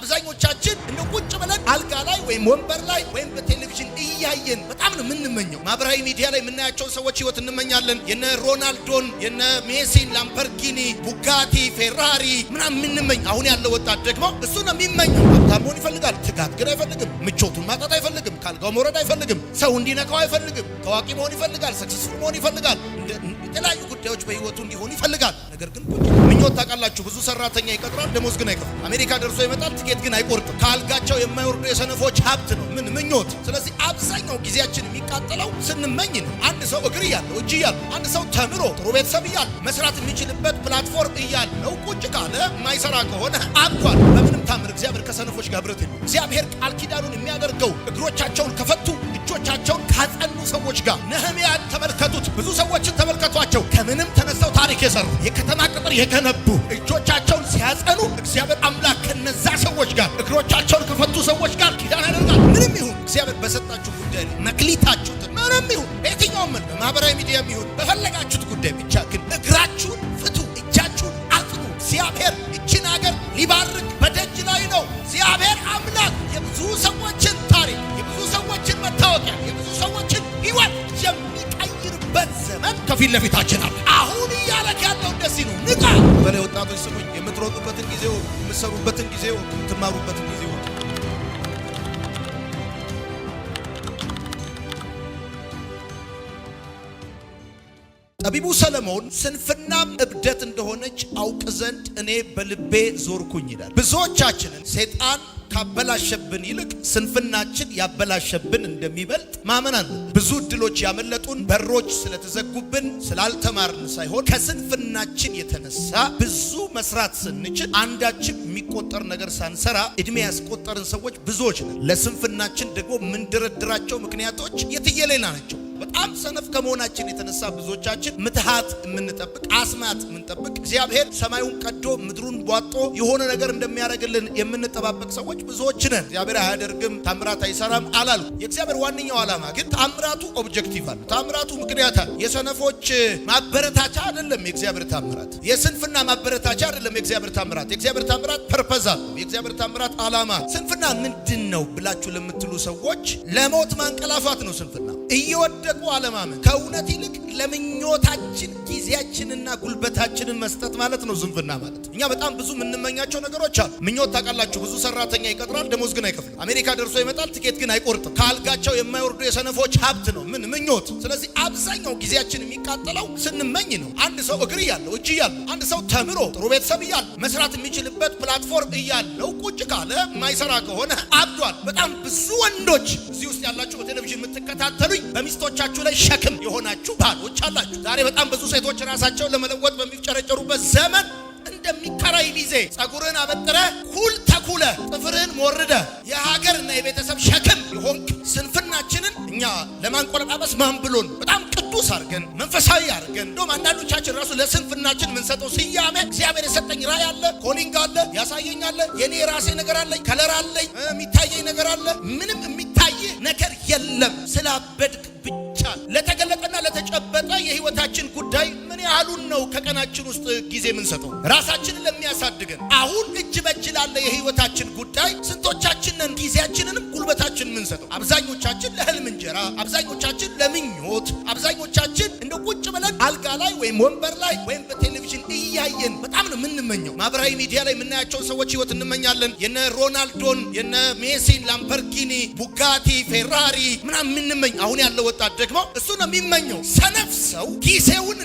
አብዛኞቻችን እንደ ቁጭ ብለን አልጋ ላይ ወይም ወንበር ላይ ወይም በቴሌቪዥን እያየን በጣም ነው የምንመኘው። ማህበራዊ ሚዲያ ላይ የምናያቸውን ሰዎች ህይወት እንመኛለን። የነ ሮናልዶን፣ የነ ሜሲን፣ ላምበርጊኒ፣ ቡጋቲ፣ ፌራሪ ምናምን የምንመኝ። አሁን ያለው ወጣት ደግሞ እሱ ነው የሚመኘው። ሀብታም መሆን ይፈልጋል። ትጋት ግን አይፈልግም። ምቾቱን ማጣት አይፈልግም። ካልጋው መውረድ አይፈልግም። ሰው እንዲነካው አይፈልግም። ታዋቂ መሆን ይፈልጋል። ሰክሰስፉል መሆን ይፈልጋል። የተለያዩ ጉዳዮች በህይወቱ እንዲሆኑ ይፈልጋል። ነገር ግን ምኞት ታውቃላችሁ፣ ብዙ ሰራተኛ ይቀጥራል፣ ደሞዝ ግን አይከፍል። አሜሪካ ደርሶ ይመጣል፣ ትኬት ግን አይቆርጥም። ከአልጋቸው የማይወርዱ የሰነፎች ሀብት ነው ምን ምኞት። ስለዚህ አብዛኛው ጊዜያችን የሚቃጠለው ስንመኝ ነው። አንድ ሰው እግር እያለው እጅ እያለው አንድ ሰው ተምሮ ጥሩ ቤተሰብ እያለ መስራት የሚችልበት ፕላትፎርም እያለው ቁጭ ካለ የማይሰራ ከሆነ አብቷል። በምንም ታምር እግዚአብሔር ከሰነፎች ጋር ብረት እግዚአብሔር ቃል ኪዳኑን የሚያደርገው እግሮቻቸውን ከፈቱ እጆቻቸውን ካጸኑ ሰዎች ጋር ነህምያን ተመልከቱት። ብዙ ሰዎችን ተመልከቷቸው። ከምንም ተነስተው ታሪክ የሰሩ የከተማ ቅጥር የገነቡ እጆቻቸውን ሲያጸኑ እግዚአብሔር አምላክ ከነዛ ሰዎች ጋር እግሮቻቸውን ከፈቱ ሰዎች ጋር ኪዳን ያደርጋል። ምንም ይሁን እግዚአብሔር በሰጣችሁ ጉዳይ መክሊታችሁትን ምንም ይሁን በየትኛውም በማህበራዊ ሚዲያ ይሁን በፈለጋችሁት ጉዳይ ብቻ ግን ከፊት ለፊታችን አለ። አሁን እያለክ ያለው እንደዚህ ነው። ንቃ። በተለይ ወጣቶች ስሙኝ፣ የምትሮጡበትን ጊዜው፣ ወቁ፣ የምትሰሩበትን ጊዜ ወቁ፣ የምትማሩበትን ጊዜ ጠቢቡ ሰለሞን ስንፍናም እብደት እንደሆነች አውቅ ዘንድ እኔ በልቤ ዞርኩኝ ይላል። ብዙዎቻችንን ሴጣን ካበላሸብን ይልቅ ስንፍናችን ያበላሸብን እንደሚበልጥ ማመን አለ። ብዙ እድሎች ያመለጡን በሮች ስለተዘጉብን ስላልተማርን ሳይሆን ከስንፍናችን የተነሳ ብዙ መስራት ስንችል አንዳችን የሚቆጠር ነገር ሳንሰራ እድሜ ያስቆጠርን ሰዎች ብዙዎች ነን። ለስንፍናችን ደግሞ ምንደረድራቸው ምክንያቶች የትየሌላ ናቸው። በጣም ሰነፍ ከመሆናችን የተነሳ ብዙዎቻችን ምትሃት የምንጠብቅ አስማት የምንጠብቅ እግዚአብሔር ሰማዩን ቀዶ ምድሩን ቧጦ የሆነ ነገር እንደሚያደርግልን የምንጠባበቅ ሰዎች ብዙዎች ነን። እግዚአብሔር አያደርግም፣ ታምራት አይሰራም አላል። የእግዚአብሔር ዋነኛው ዓላማ ግን ታምራቱ ኦብጀክቲቭ አለ፣ ታምራቱ ምክንያት አለ። የሰነፎች ማበረታቻ አይደለም የእግዚአብሔር ታምራት፣ የስንፍና ማበረታቻ አይደለም የእግዚአብሔር ታምራት። የእግዚአብሔር ታምራት ፐርፐዝ አለ፣ የእግዚአብሔር ታምራት ዓላማ። ስንፍና ምንድን ነው ብላችሁ ለምትሉ ሰዎች ለሞት ማንቀላፋት ነው ስንፍና እየወደቁ አለማመን ከእውነት ይልቅ ለምኞታችን ጊዜያችንና ጉልበታችንን መስጠት ማለት ነው ዝንፍና ማለት። እኛ በጣም ብዙ የምንመኛቸው ነገሮች አሉ። ምኞት ታውቃላችሁ፣ ብዙ ሰራተኛ ይቀጥራል፣ ደሞዝ ግን አይከፍልም። አሜሪካ ደርሶ ይመጣል፣ ትኬት ግን አይቆርጥም። ከአልጋቸው የማይወርዱ የሰነፎች ሀብት ነው ምን ምኞት። ስለዚህ አብዛኛው ጊዜያችን የሚቃጠለው ስንመኝ ነው። አንድ ሰው እግር እያለው እጅ እያለው አንድ ሰው ተምሮ ጥሩ ቤተሰብ እያለው መስራት የሚችልበት ፕላትፎርም እያለው ቁጭ ካለ የማይሰራ ከሆነ አብዷል። በጣም ብዙ ወንዶች እዚህ ውስጥ ያላችሁ በቴሌቪዥን የምትከታተሉ አለብኝ። በሚስቶቻችሁ ላይ ሸክም የሆናችሁ ባሎች አላችሁ። ዛሬ በጣም ብዙ ሴቶች ራሳቸውን ለመለወጥ በሚፍጨረጨሩበት ዘመን እንደሚከራይ ጊዜ ጸጉርን አበጥረ ኩል ተኩለ ጥፍርህን ሞርደ የሀገርና የቤተሰብ ሸክም የሆንክ ስንፍናችንን እኛ ለማንቆለጣበስ ማን ብሎን በጣም ቅዱስ አድርገን መንፈሳዊ አድርገን እንደውም አንዳንዶቻችን ራሱ ለስንፍናችን የምንሰጠው ስያሜ እግዚአብሔር የሰጠኝ ራእይ አለ፣ ኮሊንግ አለ፣ ያሳየኛለ፣ የኔ የራሴ ነገር አለኝ፣ ከለር አለኝ፣ የሚታየኝ ነገር አለ ምንም የሚ ነገር የለም። ስላበድክ ብቻ ለተገለጠና ለተጨበጠ የህይወታችን ጉዳይ ምን ያህሉን ነው ከቀናችን ውስጥ ጊዜ የምንሰጠው? ራሳችንን ለሚያሳድገን አሁን እጅ በእጅ ላለ የህይወታችን ጉዳይ ስንቶቻችንን ጊዜያችንንም ጉልበታችን የምንሰጠው? አብዛኞቻችን ለህልም እንጀራ፣ አብዛኞቻችን ለምኞት፣ አብዛኞቻችን እንደ ቁጭ ብለን አልጋ ላይ ወይም ወንበር ላይ ወይም በቴሌ እያየን በጣም ነው የምንመኘው። ማህበራዊ ሚዲያ ላይ የምናያቸውን ሰዎች ህይወት እንመኛለን። የነ ሮናልዶን፣ የነ ሜሲን፣ ላምበርጊኒ፣ ቡጋቲ፣ ፌራሪ ምናምን የምንመኝ። አሁን ያለው ወጣት ደግሞ እሱ ነው የሚመኘው። ሰነፍ ሰው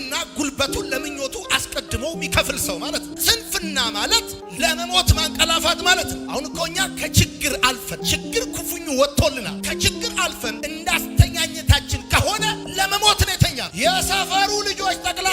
እና ጉልበቱን ለምኞቱ አስቀድሞ የሚከፍል ሰው ማለት ነው። ስንፍና ማለት ለመሞት ማንቀላፋት ማለት ነው። አሁን እኮ እኛ ከችግር አልፈን ችግር ኩፍኙ ወጥቶልናል። ከችግር አልፈን እንዳስ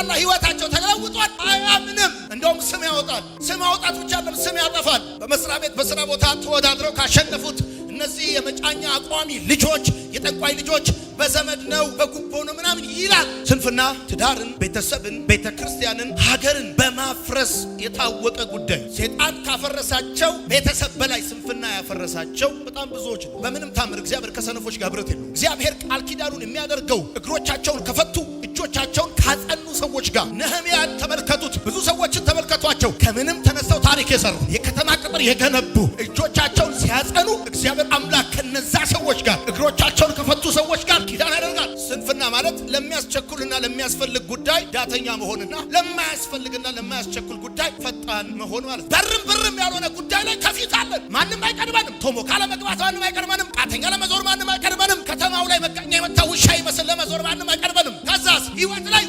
ተሰራና ህይወታቸው ተለውጧል። አያምንም። እንደውም ስም ያወጣል። ስም ያወጣት ብቻ ስም ያጠፋል። በመስሪያ ቤት በስራ ቦታ ተወዳድረው ካሸነፉት እነዚህ የመጫኛ አቋሚ ልጆች፣ የጠቋይ ልጆች በዘመድ ነው በጉቦ ነው ምናምን ይላል። ስንፍና ትዳርን፣ ቤተሰብን፣ ቤተ ክርስቲያንን፣ ሀገርን በማፍረስ የታወቀ ጉዳይ። ሴጣን ካፈረሳቸው ቤተሰብ በላይ ስንፍና ያፈረሳቸው በጣም ብዙዎች ነው። በምንም ታምር እግዚአብሔር ከሰነፎች ጋር ብረት የለው። እግዚአብሔር ቃል ኪዳኑን የሚያደርገው እግሮቻቸውን ከፈቱ እጆቻቸውን ካጸኑ ሰዎች ጋር ነህምያን ተመልከቱት። ብዙ ሰዎችን ተመልከቷቸው። ከምንም ተነስተው ታሪክ የሰሩ የከተማ ቅጥር የገነቡ እጆቻቸውን ሲያጸኑ እግዚአብሔር አምላክ ከነዛ ሰዎች ጋር እግሮቻቸውን ከፈቱ ሰዎች ጋር ኪዳን ያደርጋል። ስንፍና ማለት ለሚያስቸኩልና ለሚያስፈልግ ጉዳይ ዳተኛ መሆንና ለማያስፈልግና ለማያስቸኩል ጉዳይ ፈጣን መሆን ማለት በርም ብርም ያልሆነ ጉዳይ ላይ ከፊት አለን። ማንም አይቀድመንም። ቶሞካ ለመግባት ማንም አይቀድመንም። ቃተኛ ለመዞር ማንም አይቀድመንም። ከተማው ላይ መቃኛ የመታ ውሻ ይመስል ለመዞር ማንም አይቀድመንም። ከዛስ ህይወት ላይ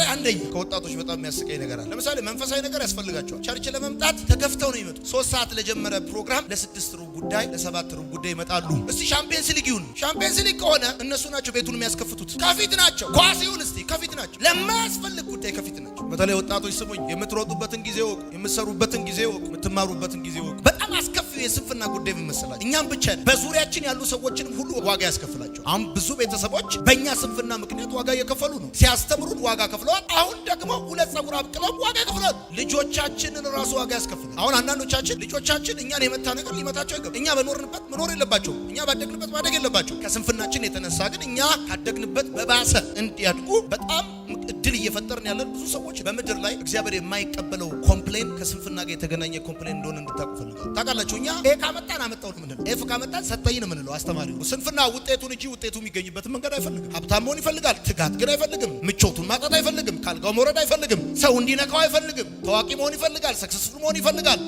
ላይ አንደኛ ከወጣቶች በጣም የሚያስቀኝ ነገር አለ። ለምሳሌ መንፈሳዊ ነገር ያስፈልጋቸዋል። ቸርች ለመምጣት ተከፍተው ነው ይመጡ። ሶስት ሰዓት ለጀመረ ፕሮግራም ለስድስት ሩብ ጉዳይ ለሰባት ሩብ ጉዳይ ይመጣሉ። እስቲ ሻምፒየንስ ሊግ ይሁን። ሻምፒየንስ ሊግ ከሆነ እነሱ ናቸው ቤቱን የሚያስከፍቱት፣ ከፊት ናቸው። ኳስ ይሁን እስቲ ከፊት ናቸው። ለማያስፈልግ ጉዳይ ከፊት ናቸው። በተለይ ወጣቶች ስሙኝ፣ የምትሮጡበትን ጊዜ ወቁ፣ የምትሰሩበትን ጊዜ ወቁ፣ የምትማሩበትን ጊዜ ወቁ። በጣም አስከፊው የስንፍና ጉዳይ ይመስላል። እኛም ብቻ በዙሪያችን ያሉ ሰዎችንም ሁሉ ዋጋ ያስከፍላቸው። አሁን ብዙ ቤተሰቦች በእኛ ስንፍና ምክንያት ዋጋ እየከፈሉ ነው። ሲያስተምሩን ዋጋ ከፍለዋል። አሁን ደግሞ ሁለት ጸጉር አብቅለው ዋጋ ከፍለዋል። ልጆቻችንን ራሱ ዋጋ ያስከፍላል። አሁን አንዳንዶቻችን ልጆቻችን እኛን የመታ ነገር ሊመታቸው ይገ እኛ በኖርንበት መኖር የለባቸው እኛ ባደግንበት ማደግ የለባቸው። ከስንፍናችን የተነሳ ግን እኛ ካደግንበት በባሰ እንዲያድጉ በጣም እድል እየፈጠርን ያለን ብዙ ሰዎች በምድር ላይ እግዚአብሔር የማይቀበለው ኮምፕሌን ከስንፍና ጋር የተገናኘ ኮምፕሌን እንደሆነ እንድታቁ ፈልጋል። ታውቃላችሁ። እኛ ኤ ካመጣን አመጣው ነው ምንድነው? ኤፍ ካመጣን ሰጠኝ ነው ምንለው። አስተማሪው ስንፍና ውጤቱን እንጂ ውጤቱ የሚገኝበትን መንገድ አይፈልግም። ሀብታም መሆን ይፈልጋል፣ ትጋት ግን አይፈልግም። ምቾቱን ማጣት አይፈልግም፣ ካልጋው መውረድ አይፈልግም፣ ሰው እንዲነካው አይፈልግም። ታዋቂ መሆን ይፈልጋል፣ ሰክሰስፉል መሆን ይፈልጋል፣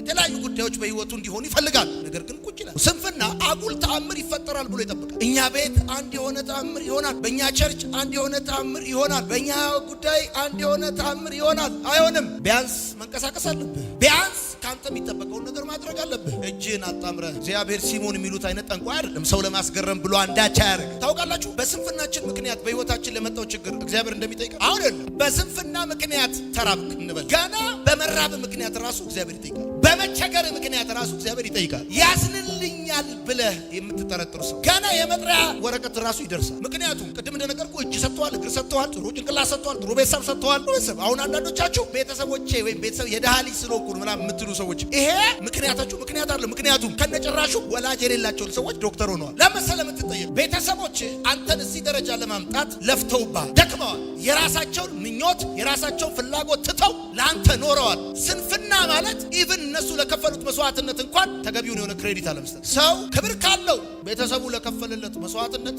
የተለያዩ ጉዳዮች በህይወቱ እንዲሆን ይፈልጋል። ነገር ግን ቁጭ ይላል። ስንፍና አጉል ተአምር ይፈጠራል ብሎ ይጠብቃል። እኛ ቤት አንድ የሆነ ተአምር ይሆናል፣ በእኛ ቸርች አንድ የሆነ ተአምር ይሆናል፣ በእኛ ጉዳይ አንድ የሆነ ተአምር ይሆናል። አይሆንም። ቢያንስ መንቀሳቀስ አለብህ ቢያንስ ከአንተ የሚጠበቀውን ነገር ማድረግ አለብህ። እጅህን አጣምረ እግዚአብሔር ሲሞን የሚሉት አይነት ጠንቋይ አይደለም። ሰው ለማስገረም ብሎ አንዳች አያደርግ። ታውቃላችሁ፣ በስንፍናችን ምክንያት በህይወታችን ለመጣው ችግር እግዚአብሔር እንደሚጠይቅ አሁን ለ በስንፍና ምክንያት ተራብክ እንበል፣ ገና በመራብ ምክንያት ራሱ እግዚአብሔር ይጠይቃል። በመቸገር ምክንያት ራሱ እግዚአብሔር ይጠይቃል። ያዝንን ይሆንልኛል ብለህ የምትጠረጥር ሰው ገና የመጥሪያ ወረቀት ራሱ ይደርሳል። ምክንያቱም ቅድም እንደነገርኩ እጅ ሰጥተዋል፣ እግር ሰጥተዋል፣ ጥሩ ጭንቅላት ሰጥተዋል፣ ጥሩ ቤተሰብ ሰጥተዋል። ቤተሰብ አሁን አንዳንዶቻችሁ ቤተሰቦቼ ወይም ቤተሰብ የድሃ ልጅ ስለሆንኩ ምናምን የምትሉ ሰዎች ይሄ ምክንያታችሁ ምክንያት አለ። ምክንያቱም ከነጭራሹ ወላጅ የሌላቸውን ሰዎች ዶክተር ሆነዋል። ለምሳሌ የምትጠየቅ ቤተሰቦች አንተን እዚህ ደረጃ ለማምጣት ለፍተውባል፣ ደክመዋል። የራሳቸውን ምኞት የራሳቸውን ፍላጎት ትተው ለአንተ ኖረዋል። ስንፍና ማለት ኢቭን እነሱ ለከፈሉት መስዋዕትነት እንኳን ተገቢውን የሆነ ክሬዲት አለም ክርስቲያን ሰው ክብር ካለው ቤተሰቡ ለከፈለለት መስዋዕትነት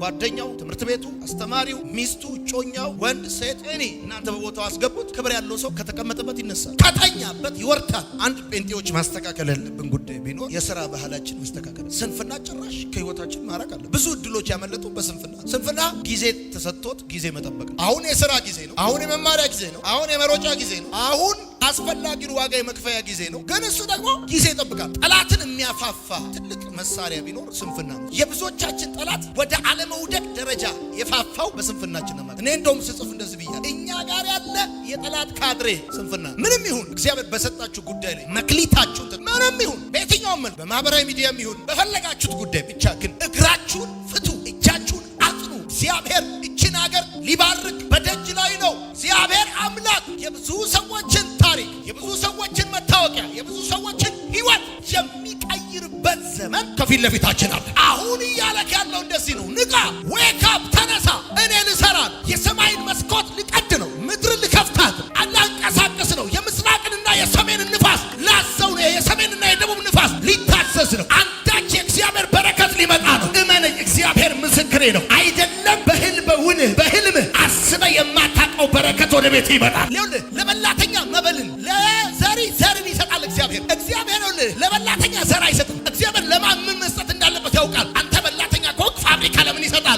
ጓደኛው፣ ትምህርት ቤቱ፣ አስተማሪው፣ ሚስቱ፣ እጮኛው፣ ወንድ ሴት፣ እኔ እናንተ በቦታው አስገቡት። ክብር ያለው ሰው ከተቀመጠበት ይነሳል፣ ከተኛበት ይወርዳል። አንድ ጴንጤዎች ማስተካከል ያለብን ጉዳይ ቢኖር የስራ ባህላችን መስተካከል፣ ስንፍና ጭራሽ ከህይወታችን ማራቅ አለ። ብዙ እድሎች ያመለጡ በስንፍና ስንፍና ጊዜ ተሰጥቶት ጊዜ መጠበቅ ነው። አሁን የስራ ጊዜ ነው። አሁን የመማሪያ ጊዜ ነው። አሁን የመሮጫ ጊዜ ነው። አሁን አስፈላጊውን ዋጋ የመክፈያ ጊዜ ነው። ግን እሱ ደግሞ ጊዜ ይጠብቃል። ጠላትን የሚያፋፋ ትልቅ መሳሪያ ቢኖር ስንፍና ነው። የብዙዎቻችን ጠላት ወደ አለመውደቅ ደረጃ የፋፋው በስንፍናችን ነው። እኔ እንደውም ስጽፍ እንደዚህ ብያለሁ። እኛ ጋር ያለ የጠላት ካድሬ ስንፍና ምንም ይሁን እግዚአብሔር በሰጣችሁ ጉዳይ ላይ መክሊታችሁ ምንም ይሁን በየትኛውም ምን በማህበራዊ ሚዲያ ይሁን በፈለጋችሁት ጉዳይ ብቻ ግን እግራችሁን ፍቱ፣ እጃችሁን አጥኑ። እግዚአብሔር እችን ሀገር ሊባርክ በደጅ ላይ ነው። እግዚአብሔር አምላክ የብዙ ሰዎችን ታሪክ የብዙ ሰዎችን መታወቂያ የብዙ ሰዎችን ህይወት የሚቀይርበት ዘመን ከፊት ለፊታችን አለ። አሁን እያለክ ያለው እንደዚህ ነው። ንቃ፣ ዌክ ተነሳ። እኔ ልሰራ የሰማይን መስኮት ልቀድ ነው። ምድርን ልከፍታት ላንቀሳቀስ ነው። የምስራቅንና የሰሜንን ንፋስ ላዘው ነው። የሰሜንና የደቡብ ንፋስ ሊታዘዝ ነው። አንዳች የእግዚአብሔር በረከት ሊመጣ ነው። እመነኝ፣ እግዚአብሔር ምስክሬ ነው። አይደለም በህል በህልበውንህ በህልምህ አስበህ የማታውቀው በረከት ወደ ቤት ይመጣል።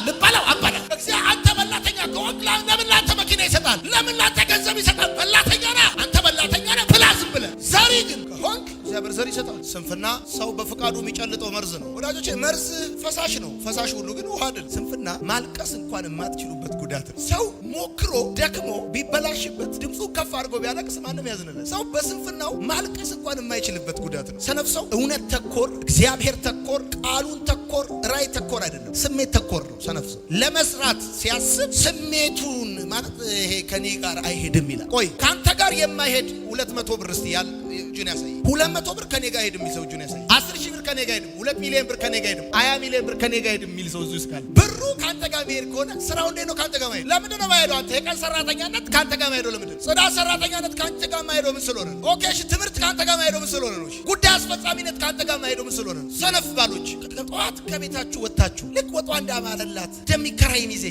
ልበላው እግዚአብሔር አንተ ከሆንክ ለምን ለአንተ መኪና ይሰጣል? ለምን ለአንተ ዘር ይሰጣል። ስንፍና ሰው በፍቃዱ የሚጨልጠው መርዝ ነው ወዳጆቼ። መርዝ ፈሳሽ ነው፣ ፈሳሽ ሁሉ ግን ውሃ አይደል። ስንፍና ማልቀስ እንኳን የማትችሉበት ጉዳት ነው። ሰው ሞክሮ ደክሞ ቢበላሽበት ድምፁ ከፍ አድርጎ ቢያለቅስ ማንም ያዝንለት። ሰው በስንፍናው ማልቀስ እንኳን የማይችልበት ጉዳት ነው። ሰነፍ ሰው እውነት ተኮር፣ እግዚአብሔር ተኮር፣ ቃሉን ተኮር፣ ራይ ተኮር አይደለም፣ ስሜት ተኮር ነው። ሰነፍ ሰው ለመስራት ሲያስብ ስሜቱን ማለት ይሄ ከኔ ጋር አይሄድም ይላል። ቆይ ከአንተ ጋር የማይሄድ ሁለት መቶ ብር እስቲ ያል እጁን ያሳይ። ሁለት መቶ ብር ከኔ ጋር ሄድ የሚል ሰው እጁን ያሳይ። አስር ሺህ ብር ከኔ ጋር ሄድ፣ ሁለት ሚሊዮን ብር ከኔ ጋር ሄድ፣ ሀያ ሚሊዮን ብር ከኔ ጋር ሄድ የሚል ሰው እዙ ይስካል። ብሩ ከአንተ ጋር መሄድ ከሆነ ስራው እንዴት ነው? ከአንተ ጋር መሄድ ለምንድን ነው ማሄደው? አንተ የቀን ሰራተኛነት ከአንተ ጋር ማሄደው ለምንድን ነው? ጽዳት ሰራተኛነት ከአንተ ጋር ማሄደው ምን ስለሆነ ነው? ኦኬ እሺ፣ ትምህርት ከአንተ ጋር ማሄደው ምን ስለሆነ ነው? ጉዳይ አስፈጻሚነት ከአንተ ጋር ማሄደው ምን ስለሆነ ነው? ሰነፍ ባሎች ጠዋት ከቤታችሁ ወጥታችሁ ልክ ወጧ እንዳማለላት እንደሚከራይ ሚዜ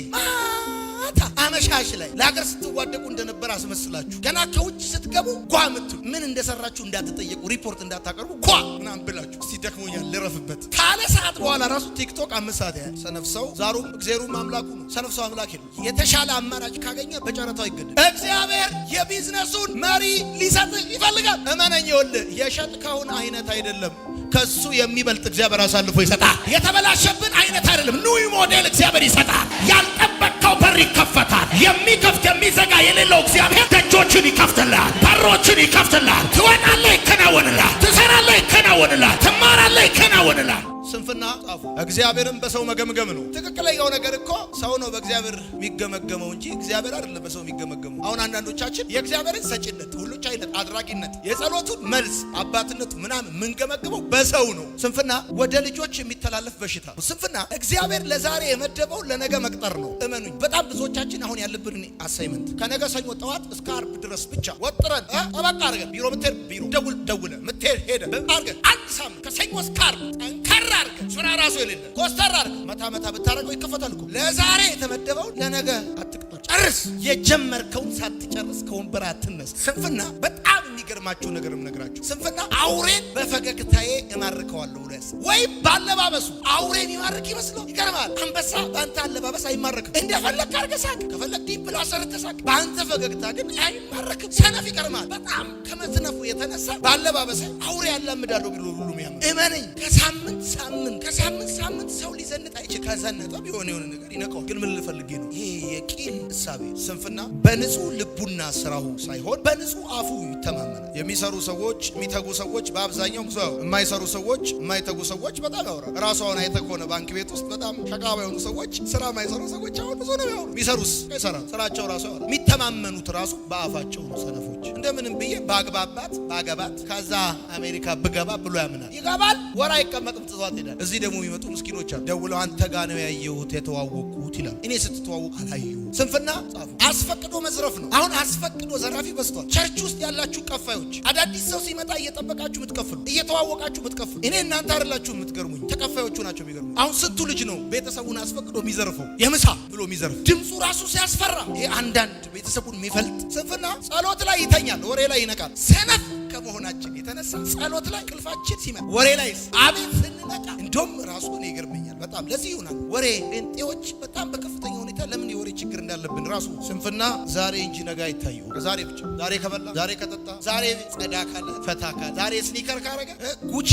ማታ አመሻሽ ላይ ለሀገር ስትዋደቁ እንደነበር አስመስላችሁ ገና ከውጭ ስትገቡ ጓ ምትሉ ምን እንደሰራችሁ እንዳትጠየቁ ሪፖርት እንዳታቀርቡ ጓ ምናምን ብላችሁ እስቲ ደክሞኛል ልረፍበት ካለ ሰዓት በኋላ ራሱ ቲክቶክ አምስት ሰዓት ያህል ሰው ዛሩም እግዜሩም አምላኩ ነው። ሰው አምላክ የለም። የተሻለ አማራጭ ካገኘ በጨረታው ይገደል። እግዚአብሔር የቢዝነሱን መሪ ሊሰጥ ይፈልጋል። እመነኝ፣ ይኸውልህ የሸጥከውን አይነት አይደለም ከሱ የሚበልጥ እግዚአብሔር አሳልፎ ይሰጣል። የተበላሸብን አይነት አይደለም ኑይ ሞዴል እግዚአብሔር ይሰጣል። ያልጠ የዘጋው በር ይከፈታል። የሚከፍት የሚዘጋ የሌለው እግዚአብሔር ደጆችን ይከፍትልሃል፣ በሮችን ይከፍትልሃል። ትወጣለህ፣ ይከናወንልሃል። ትሰራለህ፣ ይከናወንልሃል። ትማራለህ፣ ይከናወንልሃል። ጻፍና ጻፉ። እግዚአብሔርን በሰው መገምገም ነው ትክክለኛው ነገር እኮ ሰው ነው በእግዚአብሔር የሚገመገመው እንጂ እግዚአብሔር አይደለም በሰው የሚገመገመው። አሁን አንዳንዶቻችን የእግዚአብሔርን ሰጭነት ሁሉ ቻይነት፣ አድራጊነት፣ የጸሎቱን መልስ፣ አባትነቱ ምናምን የምንገመግመው በሰው ነው። ስንፍና ወደ ልጆች የሚተላለፍ በሽታ ነው። ስንፍና እግዚአብሔር ለዛሬ የመደበው ለነገ መቅጠር ነው። እመኑኝ፣ በጣም ብዙዎቻችን አሁን ያለብን አሳይመንት ከነገ ሰኞ ጠዋት እስከ አርብ ድረስ ብቻ ወጥረን ጠበቅ አድርገን ቢሮ ምትሄድ ቢሮ ደውል ደውለ ምትሄድ ሄደ አድርገን አንድ ሳምንት ከሰኞ እስከ አርብ ጠንከር አድርገን ስራ ራሱ የሌለ ኮስተር መታ መታ ብታደረገው ይከፈታል እኮ። ለዛሬ የተመደበው ለነገ አትቅ ሳትጨርስ የጀመርከውን ሳትጨርስ ከወንበር አትነስ። ስንፍና በጣም የሚገርማቸው ነገር እነግራችሁ፣ ስንፍና አውሬን በፈገግታዬ እማርከዋለሁ። ደስ ወይም ባለባበሱ አውሬን ይማርክ ይመስለው። ይገርማል። አንበሳ በአንተ አለባበስ አይማረክም እንደፈለግ አድርገህ ሳቅ፣ ከፈለግ ዲብ ብለው አሰርተ ሳቅ። በአንተ ፈገግታ ግን አይማርክም። ሰነፍ ይገርማል። በጣም ከመዝነፉ የተነሳ ባለባበስ አውሬ ያላምዳለሁ ብሎ ሁሉ ያም እመነኝ። ከሳምንት ሳምንት ከሳምንት ሳምንት ሰው ሊዘንጥ አይችል። ከዘነጠ ቢሆን የሆነ ነገር ይነቀዋል። ግን ምን ልፈልጌ ነው ይሄ የቂል እሳቤ ስንፍና በንጹህ ልቡና ስራሁ ሳይሆን በንጹህ አፉ ይተማመናል። የሚሰሩ ሰዎች፣ የሚተጉ ሰዎች በአብዛኛው ብዙ ያወራል። የማይሰሩ ሰዎች፣ የማይተጉ ሰዎች በጣም ያወራል። አሁን አይተህ ከሆነ ባንክ ቤት ውስጥ በጣም ሸቃባ የሆኑ ሰዎች፣ ስራ የማይሰሩ ሰዎች አሁን ብዙ ነው ያወሩ። የሚሰሩስ ይሰራል፣ ስራቸው ራሱ ያወራል። የሚተማመኑት ራሱ በአፋቸው ነው። ሰነፎች እንደምንም ብዬ በአግባባት በአገባት ከዛ አሜሪካ ብገባ ብሎ ያምናል። ይገባል፣ ወር አይቀመጥም፣ ጥቷት ሄዳል። እዚህ ደግሞ የሚመጡ ምስኪኖች አሉ። ደውለው አንተ ጋ ነው ያየሁት የተዋወቁ ተዋወቁት ይላል። እኔ ስትተዋወቅ አላየሁ። ስንፍና ጻፉ። አስፈቅዶ መዝረፍ ነው። አሁን አስፈቅዶ ዘራፊ በዝቷል። ቸርች ውስጥ ያላችሁ ቀፋዮች፣ አዳዲስ ሰው ሲመጣ እየጠበቃችሁ የምትከፍሉ፣ እየተዋወቃችሁ የምትከፍሉ፣ እኔ እናንተ አይደላችሁ የምትገርሙኝ፣ ተከፋዮቹ ናቸው የሚገርሙኝ። አሁን ስንቱ ልጅ ነው ቤተሰቡን አስፈቅዶ የሚዘርፈው የምሳ ብሎ የሚዘርፍ ድምፁ ራሱ ሲያስፈራ። ይሄ አንዳንድ ቤተሰቡን የሚፈልጥ ስንፍና ጸሎት ላይ ይተኛል፣ ወሬ ላይ ይነቃል። ሰነፍ ከመሆናችን የተነሳ ጸሎት ላይ ቅልፋችን ሲመጣ ወሬ ላይ አቤት ስንነቃ እንደውም ራሱ እኔ ይገርመኝ በጣም ለዚህ ይሆናል ወሬ ጴንጤዎች በጣም በከፍተኛ ሁኔታ ለምን የወሬ ችግር እንዳለብን ራሱ ስንፍና ዛሬ እንጂ ነገ አይታዩ። ዛሬ ብቻ ዛሬ ከበላ ዛሬ ከጠጣ ዛሬ ጸዳ ካለ ፈታ ካለ ዛሬ ስኒከር ካረገ ጉቺ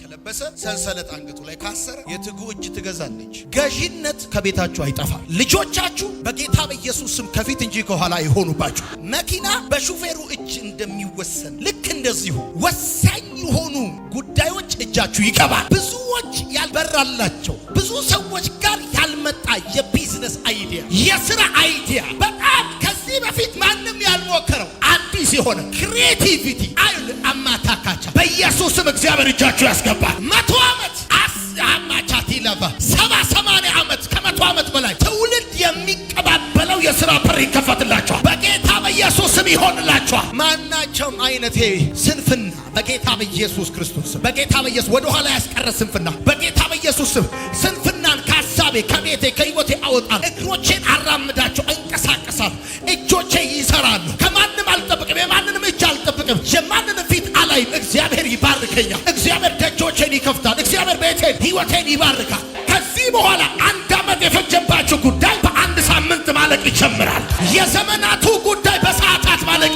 ከለበሰ ሰንሰለት አንገቱ ላይ ካሰረ የትጉ እጅ ትገዛለች። ገዢነት ከቤታችሁ አይጠፋም። ልጆቻችሁ በጌታ በኢየሱስ ስም ከፊት እንጂ ከኋላ የሆኑባችሁ። መኪና በሹፌሩ እጅ እንደሚወሰን ልክ እንደዚሁ ወሳኝ የሆኑ ጉዳዮች እጃችሁ ይገባል ብዙ ሰዎች ያልበራላቸው ብዙ ሰዎች ጋር ያልመጣ የቢዝነስ አይዲያ፣ የስራ አይዲያ በጣም ከዚህ በፊት ማንም ያልሞከረው አዲስ የሆነ ክሬቲቪቲ አይል አማታካቻ በኢየሱስም እግዚአብሔር እጃችሁ ያስገባል። መቶ ዓመት አማቻት ይለባ ሰባ ሰማንያ ዓመት ከመቶ ዓመት በላይ ትውልድ የሚቀባበለው የስራ በር ይከፈትላቸዋል በጌታ በኢየሱስ ስም ይሆንላችኋል። ማናቸውም አይነቴ ስንፍና በጌታ በኢየሱስ ክርስቶስ በጌታ በኢየሱስ ወደ ኋላ ያስቀረ ስንፍና በጌታ በኢየሱስ ስንፍናን ከሀሳቤ ከቤቴ ከህይወቴ አወጣል። እግሮቼን አራምዳቸው እንቀሳቀሳል። እጆቼ ይሰራሉ። ከማንም አልጠብቅም። የማንንም እጅ አልጠብቅም። የማንንም ፊት አላይም። እግዚአብሔር ይባርከኛል። እግዚአብሔር ደጆቼን ይከፍታል። እግዚአብሔር ቤቴን ህይወቴን ይባርካል። ከዚህ በኋላ አንድ ዓመት የፈጀባቸው ጉዳይ በአንድ ሳምንት ማለቅ ይጀምራል። የዘመናት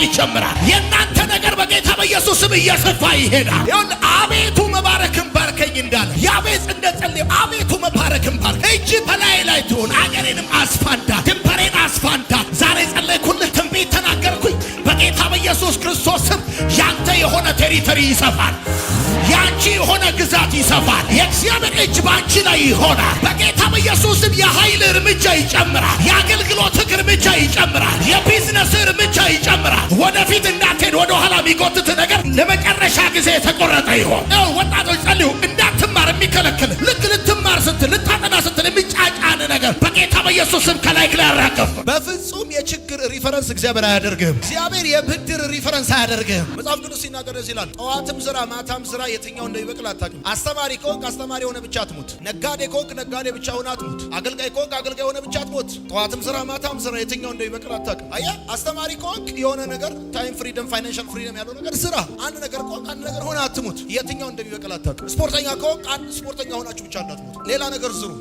ይጀምራል። የእናንተ ነገር በጌታ በኢየሱስ ስም እየሰፋ ይሄዳል። ይሁን አቤቱ መባረክን ባርከኝ እንዳለ ያቤጽ እንደ ጸልይ አቤቱ መባረክን ባርከኝ። እጅ በላይ ላይ ትሆን አገሬንም አስፋንዳ ቴሪተሪ ይሰፋል። ያንቺ የሆነ ግዛት ይሰፋል። የእግዚአብሔር እጅ በአንቺ ላይ ይሆናል። በጌታ በኢየሱስም የኃይል እርምጃ ይጨምራል። የአገልግሎት እርምጃ ይጨምራል። የቢዝነስ እርምጃ ይጨምራል። ወደፊት እንዳትሄድ ወደኋላ ኋላ የሚጎትት ነገር ለመጨረሻ ጊዜ የተቆረጠ ይሆን። ወጣቶች ጸልዩ። የሚከለክል ልክ ልትማር ስትል ልታጠና ስትል የሚጫጫን ነገር በጌታ በኢየሱስ ስም ከላይ ላይ ያራገፍ። በፍጹም የችግር ሪፈረንስ እግዚአብሔር አያደርግህም። እግዚአብሔር የብድር ሪፈረንስ አያደርግህም። መጽሐፍ ቅዱስ ሲናገር ደስ ይላል። ጠዋትም ስራ ማታም ስራ የትኛው እንደሚበቅል አታውቅም። አስተማሪ ከወቅ አስተማሪ የሆነ ብቻ አትሙት። ነጋዴ ከወቅ ነጋዴ ብቻ ሆነ አትሙት። አገልጋይ ከወቅ አገልጋይ የሆነ ብቻ አትሞት። ጠዋትም ስራ ማታም ስራ የትኛው እንደሚበቅል አታውቅም። አየህ አስተማሪ ከወቅ የሆነ ነገር ታይም ፍሪደም ፋይናንሻል ፍሪደም ያለው ነገር ስራ አንድ ነገር ከወቅ አንድ ነገር ሆነ አትሙት። የትኛው እንደሚበቅል አታውቅም። ስፖርተኛ ከወቅ ስፖርተኛ ሆናችሁ ብቻ እንዳትሞቱ። ሌላ ነገር ዝሩ